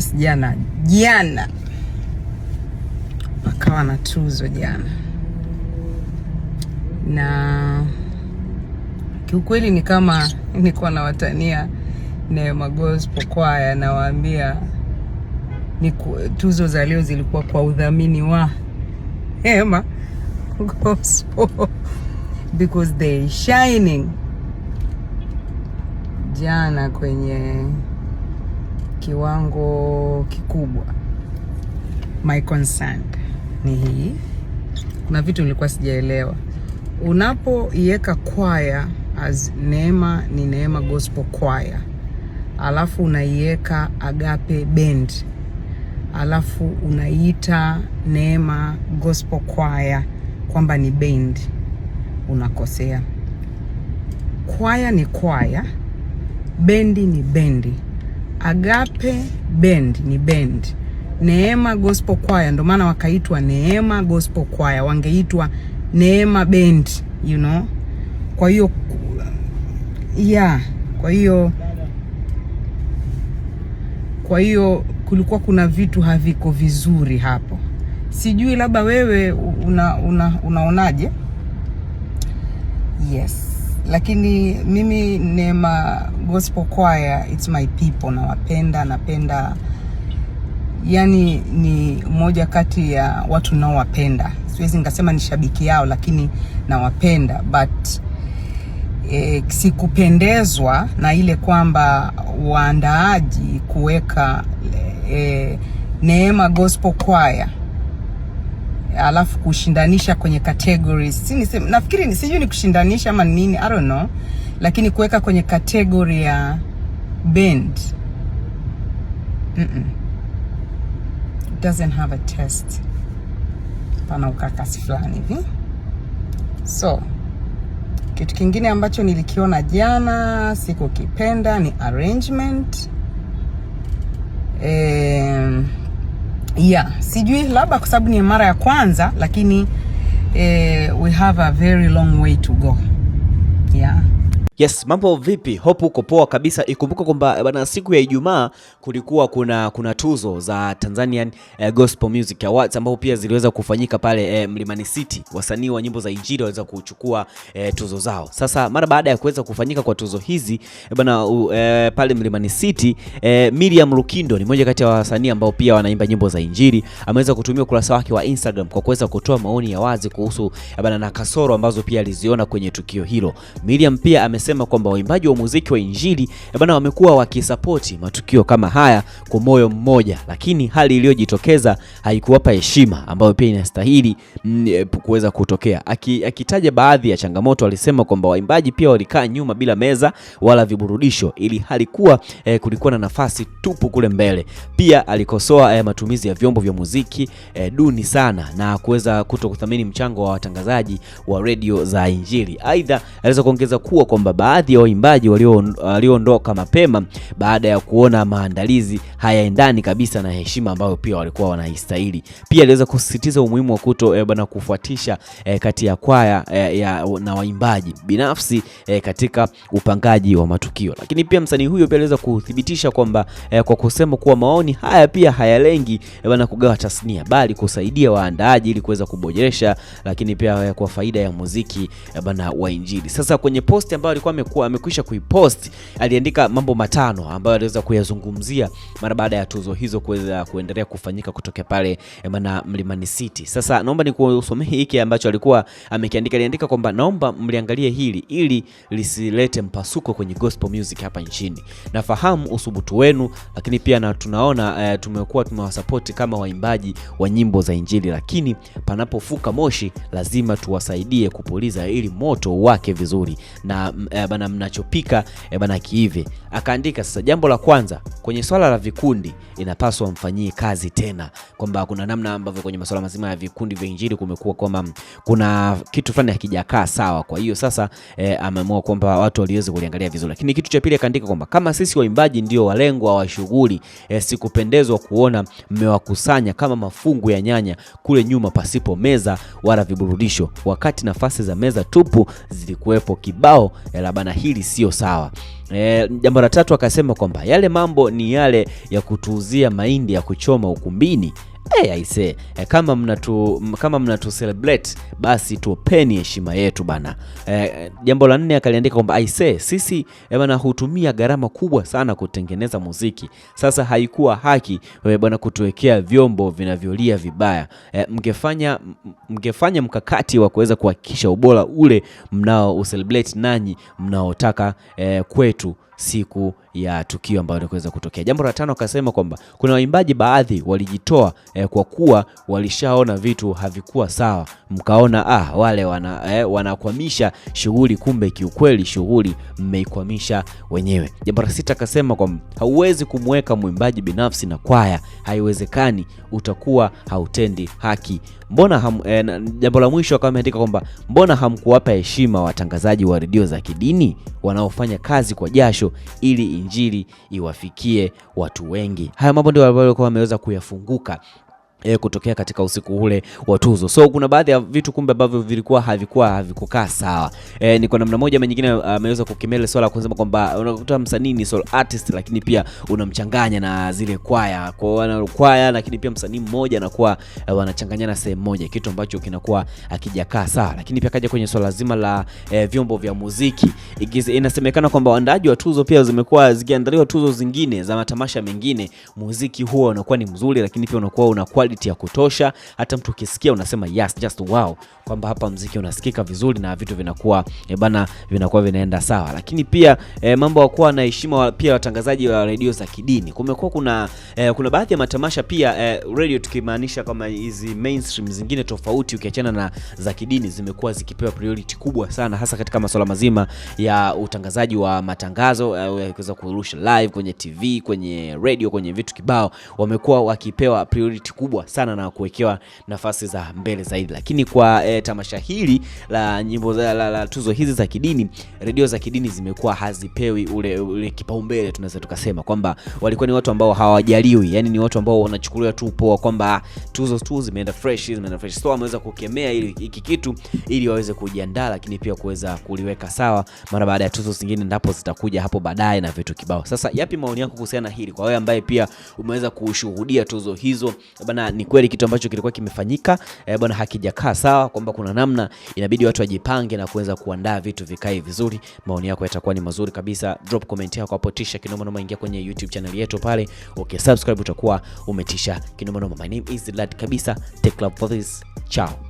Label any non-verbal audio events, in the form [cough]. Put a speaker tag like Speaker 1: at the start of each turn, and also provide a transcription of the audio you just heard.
Speaker 1: basi jana jana wakawa na tuzo jana, na kiukweli ni kama [laughs] na nawatania Neema Gospel kwaya, nawaambia ni tuzo za leo zilikuwa kwa udhamini wa Neema [laughs] Gospel [laughs] because they shining jana kwenye kiwango kikubwa. My concern ni hii, kuna vitu nilikuwa sijaelewa. Unapoiweka kwaya as Neema ni Neema Gospel Choir, alafu unaiweka Agape Band, alafu unaita Neema Gospel Choir kwamba ni bendi, unakosea. Kwaya ni kwaya, bendi ni bendi. Agape Band ni bendi Neema Gospel Choir, ndio maana wakaitwa Neema Gospel Choir, wangeitwa Neema Band, you know. Kwa hiyo yeah, kwa hiyo kwa hiyo kulikuwa kuna vitu haviko vizuri hapo. Sijui labda wewe una, una, unaonaje? Yes lakini mimi Neema Gospel Choir, it's my people, nawapenda, napenda yani ni moja kati ya watu naowapenda. Siwezi nikasema ni shabiki yao, lakini nawapenda but e, sikupendezwa na ile kwamba waandaaji kuweka e, Neema Gospel Choir alafu kushindanisha kwenye categories. Si ni nafikiri ni sijui ni kushindanisha ama nini, I don't know, lakini kuweka kwenye category ya bend mm -mm. It doesn't have a test, pana ukakasi fulani hivi. So kitu kingine ambacho nilikiona jana sikukipenda ni arrangement eh, yeah, sijui labda kwa sababu ni mara ya kwanza, lakini eh, we have a very long way to go yeah.
Speaker 2: Yes, mambo vipi? Hope uko poa kabisa. Ikumbuka kwamba eh, bana, siku ya Ijumaa kulikuwa kuna kuna tuzo za Tanzanian eh, Gospel Music Awards ambapo pia ziliweza kufanyika pale eh, Mlimani City. Wasanii wa nyimbo za Injili waliweza kuchukua eh, tuzo zao. Sasa mara baada ya kuweza kufanyika kwa tuzo hizi eh, bana uh, eh, pale Mlimani City eh, Miriam Lukindo ni mmoja kati ya wasanii ambao pia wanaimba nyimbo za Injili ameweza kutumia ukurasa wake wa Instagram kwa kuweza kutoa maoni ya wazi kuhusu eh, bana na kasoro ambazo pia aliziona kwenye tukio hilo. Miriam pia ame akisema kwamba waimbaji wa muziki wa injili eh, bana wamekuwa wakisapoti matukio kama haya kwa moyo mmoja, lakini hali iliyojitokeza haikuwapa heshima ambayo pia inastahili mm, eh, kuweza kutokea. Aki, akitaja baadhi ya changamoto alisema kwamba waimbaji pia walikaa nyuma bila meza wala viburudisho, ili halikuwa eh, kulikuwa na nafasi tupu kule mbele. Pia alikosoa eh, matumizi ya vyombo vya muziki eh, duni sana na kuweza kuto kuthamini mchango wa watangazaji wa redio za injili. Aidha, aliweza kuongeza kuwa kwamba baadhi ya wa waimbaji walioondoka mapema baada ya kuona maandalizi hayaendani kabisa na heshima ambayo pia walikuwa wanaistahili. Pia aliweza kusisitiza umuhimu wa kuto eh, bana kufuatisha e, kati ya kwaya e, ya, na waimbaji binafsi e, katika upangaji wa matukio, lakini pia msanii huyo pia aliweza kuthibitisha kwamba e, kwa kusema kuwa maoni haya pia hayalengi e, bana kugawa tasnia, bali kusaidia waandaaji ili kuweza kuboresha, lakini pia kwa faida ya muziki e, bana wa Injili. Sasa kwenye posti ambayo alikuwa alikuwa amekuwa amekwisha kuipost, aliandika mambo matano ambayo aliweza kuyazungumzia mara baada ya tuzo hizo kuweza kuendelea kufanyika kutokea pale eh, maana Mlimani City. Sasa naomba nikusomee hiki ambacho alikuwa amekiandika. Aliandika kwamba naomba mliangalie hili ili lisilete mpasuko kwenye gospel music hapa nchini. Nafahamu usubutu wenu, lakini pia na tunaona e, tumekuwa tumewasapoti kama waimbaji wa nyimbo za Injili, lakini panapofuka moshi lazima tuwasaidie kupuliza ili moto wake vizuri na e, bana mnachopika e, bana kiive. Akaandika sasa, jambo la kwanza kwenye swala la vikundi inapaswa mfanyie kazi tena, kwamba kuna namna ambavyo kwenye masuala mazima ya vikundi vya injili kumekuwa kwamba kuna kitu fulani hakijakaa sawa. Kwa hiyo sasa e, ameamua kwamba watu waliweze kuliangalia vizuri, lakini kitu cha pili akaandika kwamba kama sisi waimbaji ndio walengwa wa shughuli e, sikupendezwa kuona mmewakusanya kama mafungu ya nyanya kule nyuma pasipo meza wala viburudisho, wakati nafasi za meza tupu zilikuwepo kibao e, Eh, la bana, hili sio sawa. E, jambo la tatu akasema kwamba yale mambo ni yale ya kutuuzia mahindi ya kuchoma ukumbini Hey, eh, aise eh, kama mnatu kama mnatu celebrate basi tuopeni heshima yetu bana. E, jambo la nne akaliandika kwamba aise, sisi bana hutumia gharama kubwa sana kutengeneza muziki, sasa haikuwa haki bana kutuwekea vyombo vinavyolia vibaya. E, mngefanya mngefanya mkakati wa kuweza kuhakikisha ubora ule mnao celebrate nanyi mnaotaka e, kwetu siku ya tukio ambayo inaweza kutokea. Jambo la tano, akasema kwamba kuna waimbaji baadhi walijitoa eh, kwa kuwa walishaona vitu havikuwa sawa, mkaona ah, wale wana, eh, wanakwamisha shughuli, kumbe kiukweli shughuli mmeikwamisha wenyewe. Jambo la sita, akasema kwamba hauwezi kumweka mwimbaji binafsi na kwaya, haiwezekani, utakuwa hautendi haki. Mbona ham, eh, jambo la mwisho akawa ameandika kwamba mbona hamkuwapa heshima watangazaji wa redio za kidini wanaofanya kazi kwa jasho ili injili iwafikie watu wengi. Haya mambo ndio ambayo walikuwa wameweza kuyafunguka E, kutokea katika usiku ule wa tuzo. So kuna baadhi ya vitu kumbe ambavyo vilikuwa havikuwa havikukaa sawa. E, ni kwa namna moja ama nyingine ah, ameweza kukemele swala kusema kwamba unakuta msanii ni solo artist lakini pia unamchanganya na zile kwaya. Kwa wana kwaya lakini pia msanii mmoja anakuwa e, wanachanganyana sehemu moja kitu ambacho kinakuwa hakijakaa sawa. Lakini pia kaja kwenye swala zima la e, vyombo vya muziki. Igiz, inasemekana kwamba waandaji wa tuzo pia zimekuwa zikiandaliwa tuzo zingine za matamasha mengine, muziki huo unakuwa ni mzuri lakini pia unakuwa unakuwa credit ya kutosha, hata mtu ukisikia unasema yes, just wow, kwamba hapa mziki unasikika vizuri na vitu vinakuwa e, bana vinakuwa vinaenda sawa. Lakini pia e, mambo ya kuwa na heshima pia watangazaji wa redio za kidini, kumekuwa kuna e, kuna baadhi ya matamasha pia e, radio tukimaanisha kama hizi mainstream zingine tofauti ukiachana na za kidini zimekuwa zikipewa priority kubwa sana, hasa katika masuala mazima ya utangazaji wa matangazo e, kurusha live kwenye TV, kwenye radio, kwenye vitu kibao, wamekuwa wakipewa priority kubwa kubwa sana na kuwekewa nafasi za mbele zaidi. Lakini kwa e, tamasha hili la nyimbo za, la, la tuzo hizi za kidini, redio za kidini zimekuwa hazipewi ule, ule kipaumbele. Tunaweza tukasema kwamba walikuwa ni watu ambao hawajaliwi, yani ni watu ambao wanachukuliwa tu poa kwamba ah, tuzo tu zimeenda fresh, zimeenda fresh. So wameweza kukemea ili hiki kitu ili waweze kujiandaa, lakini pia kuweza kuliweka sawa mara baada ya tuzo zingine ndapo zitakuja hapo baadaye na vitu kibao. Sasa yapi maoni yako kuhusiana na hili, kwa wewe ambaye pia umeweza kushuhudia tuzo hizo bana? ni kweli kitu ambacho kilikuwa kimefanyika e, bwana, hakijakaa sawa, kwamba kuna namna inabidi watu wajipange na kuweza kuandaa vitu vikae vizuri. Maoni yako yatakuwa ni mazuri kabisa, drop comment yako hapo, tisha kinoma noma, ingia kwenye YouTube channel yetu pale, subscribe, utakuwa umetisha kinoma noma. My name is Lad kabisa, take love for this, ciao.